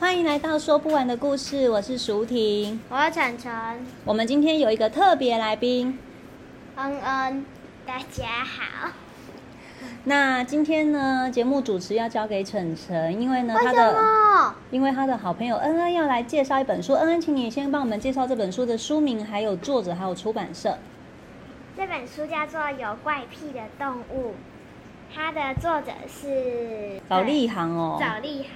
歡迎來到說不完的故事，我是淑婷，我是橙橙。我們今天有一個特別來賓，恩恩，大家好。那今天呢，節目主持要交給橙橙，因為呢，他的因為他的好朋友恩恩要來介紹一本書，恩恩，請你先幫我們介紹這本書的書名，還有作者，還有出版社。這本書叫做《有怪癖的動物》，它的作者是早立行哦，早立行。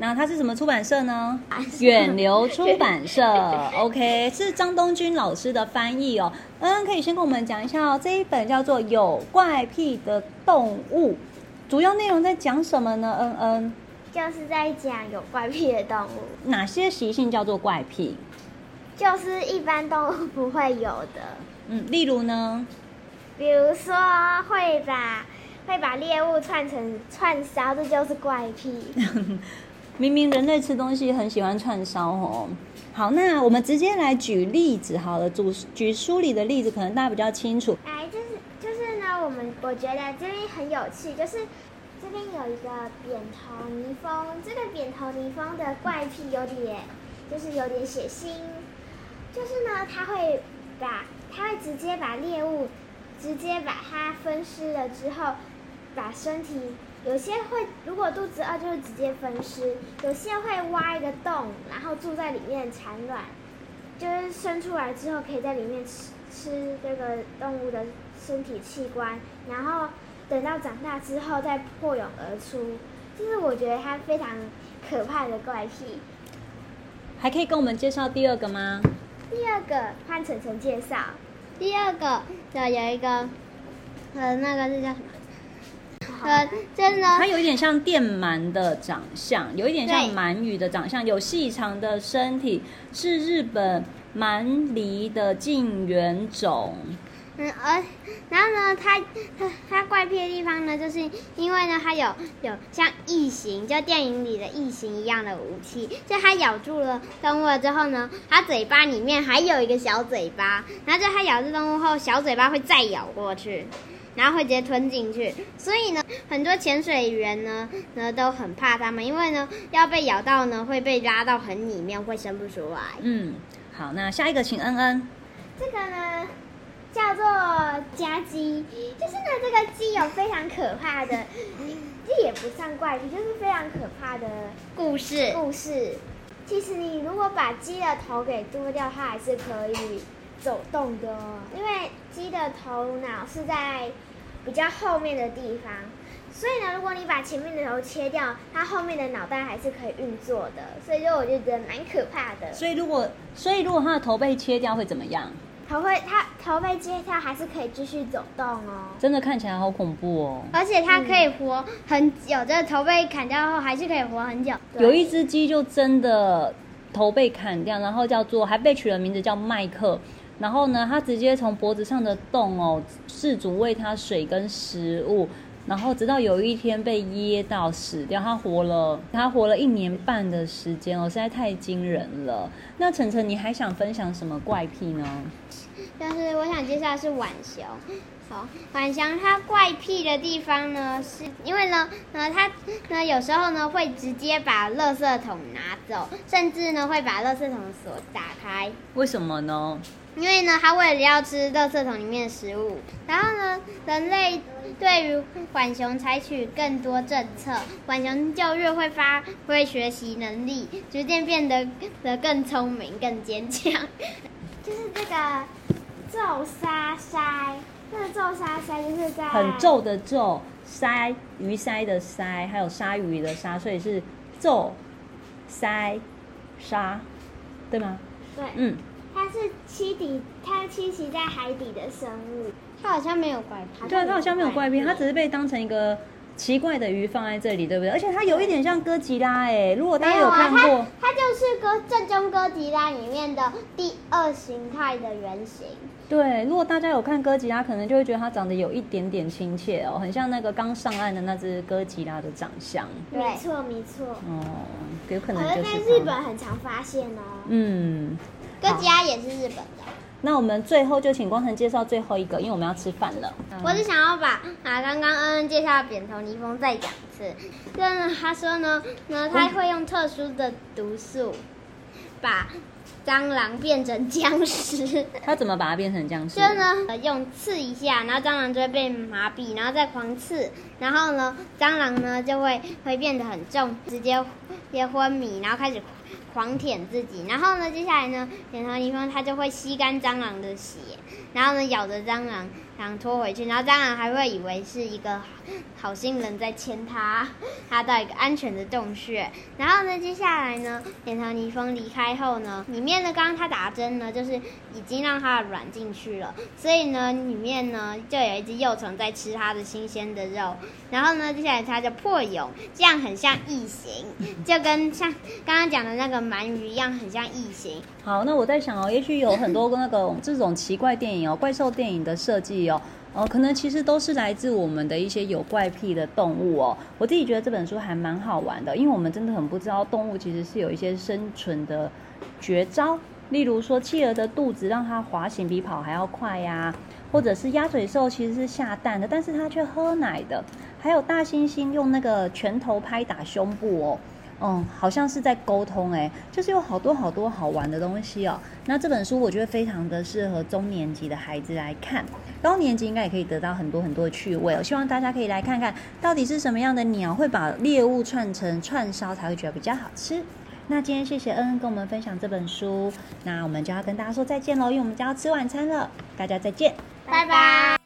那它是什麼出版社呢？遠、啊、流出版社。 OK，是張東君老師的翻譯哦。嗯嗯，可以先跟我們講一下、哦、這一本叫做《有怪癖的動物》，主要內容在講什麼呢？嗯嗯，就是在講有怪癖的動物。哪些習性叫做怪癖？就是一般動物不會有的。嗯，例如呢？比如說會把會把獵物串成串燒，這就是怪癖。 明明人類吃東西很喜歡串燒哦，好，那我們直接來舉例子好了。主，舉書裡的例子，可能大家比較清楚。哎，就是就是呢，我們我覺得這邊很有趣，就是這邊有一個扁頭泥蜂，這個扁頭泥蜂的怪癖有點，就是有點血腥，就是呢，它會把它會直接把獵物直接把它分屍了之後，把身體。有些會，如果肚子餓，就是直接分屍；有些會挖一個洞，然後住在裡面產卵，就是生出來之後可以在裡面吃吃這個動物的身體器官，然後等到長大之後再破蛹而出。這、就是我覺得它非常可怕的怪癖。還可以跟我們介紹第二個嗎？第二個換晨晨介紹。第二個叫有一個，呃，那個是叫什麼？呃、嗯，真、就、的、是，它有一點像電鰻的長相，有一點像鰻魚的長相，有細長的身體，是日本鰻鱺的近緣種。嗯，而然後呢，它它它怪癖的地方呢，就是因為呢，它有有像異形，就電影裡的異形一樣的武器，就它咬住了動物了之後呢，它嘴巴裡面還有一個小嘴巴，然後就它咬住動物後，小嘴巴會再咬過去。然後會直接吞進去，所以呢，很多潛水員呢，呢都很怕它們，因為呢，要被咬到呢，會被拉到很裡面，會生不出來。嗯，好，那下一個請恩恩。這個呢，叫做家雞，就是呢，這個雞有非常可怕的，這 也不算怪異，就是非常可怕的故事。 故事，其實你如果把雞的頭給剁掉，它還是可以走動的，因為雞的頭腦是在，比較後面的地方，所以呢，如果你把前面的頭切掉，它後面的腦袋還是可以運作的，所以就我覺得蠻可怕的。所以如果，所以如果它的頭被切掉會怎麼樣？頭會，它頭被切掉還是可以繼續走動哦。真的看起來好恐怖哦。而且它可以活很久，嗯、這頭被砍掉後還是可以活很久。有一隻雞就真的頭被砍掉，然後叫做，還被取了名字叫麥克。然後呢，他直接從脖子上的洞哦，飼主餵它水跟食物，然後直到有一天被噎到死掉。他活了，他活了一年半的時間哦，實在太驚人了。那恩恩，你還想分享什麼怪癖呢？就是我想介紹的是浣熊。好，浣熊它怪癖的地方呢，是因為呢，呃，它呢有時候呢會直接把垃圾桶拿走，甚至呢會把垃圾桶鎖打開。為什麼呢？因為呢，它為了要吃垃圾桶裡面的食物，然後呢，人類對於浣熊採取更多政策，浣熊就越會發揮學習能力，逐漸變得的更，更聰明、更堅強。就是這個皺鯊鰓，那、這個皺鯊鰓就是在很皺的皺鰓，魚鰓的鰓，還有鯊魚的鯊，所以是皺鰓鯊，對嗎？對。嗯。它是棲底，它棲息在海底的生物。它好像沒有怪癖。對，它好像沒有怪癖，它只是被當成一個奇怪的魚放在這裡，對不對？而且它有一點像哥吉拉哎、欸。如果大家有看過，啊、它，它就是哥正宗哥吉拉裡面的第二形態的原型。對，如果大家有看哥吉拉，可能就會覺得它長得有一點點親切哦，很像那個剛上岸的那只哥吉拉的長相。沒錯，沒錯。哦，有可能就是在、哦、日本很常發現哦、啊。嗯。哥吉拉也是日本的。那我們最後就請光誠介紹最後一個，因為我們要吃飯了。我是想要把把、啊、剛剛恩恩介紹的扁頭泥蜂再講一次。就是他說呢,呢，他會用特殊的毒素、嗯，把蟑螂變成僵屍。他怎麼把它變成僵屍？就呢，用刺一下，然後蟑螂就會被麻痹，然後再狂刺，然後呢，蟑螂呢就會會變得很重，直接，也昏迷，然後開始。狂舔自己，然後呢，接下來呢，扁頭泥蜂它就會吸乾蟑螂的血，然後呢，咬着蟑螂。想拖回去，然後當然還會以為是一個好心人在牽他，他到一個安全的洞穴。然後呢，接下來呢，扁頭泥蜂離開後呢，裡面的剛剛它打針呢，就是已經讓它軟進去了，所以呢，裡面呢就有一隻幼蟲在吃它的新鮮的肉。然後呢，接下來它就破蛹，這樣很像異形，就跟像剛剛講的那個鰻魚一樣，很像異形。好，那我在想哦，也許有很多那個這種奇怪電影哦，怪獸電影的設計哦。哦、嗯，可能其實都是來自我們的一些有怪癖的動物哦、喔。我自己覺得這本書還蠻好玩的，因為我們真的很不知道動物其實是有一些生存的絕招，例如說企鵝的肚子讓它滑行比跑還要快呀，啊，或者是鴨嘴獸其實是下蛋的，但是它卻喝奶的，還有大猩猩用那個拳頭拍打胸部哦、喔。嗯，好像是在溝通哎，就是有好多好多好玩的東西哦。那這本書我覺得非常的適合中年級的孩子來看，高年級應該也可以得到很多很多的趣味哦。希望大家可以來看看，到底是什麼樣的鳥會把獵物串成串燒才會覺得比較好吃？那今天謝謝恩恩跟我們分享這本書，那我們就要跟大家說再見嘍，因為我們就要吃晚餐了。大家再見，拜拜。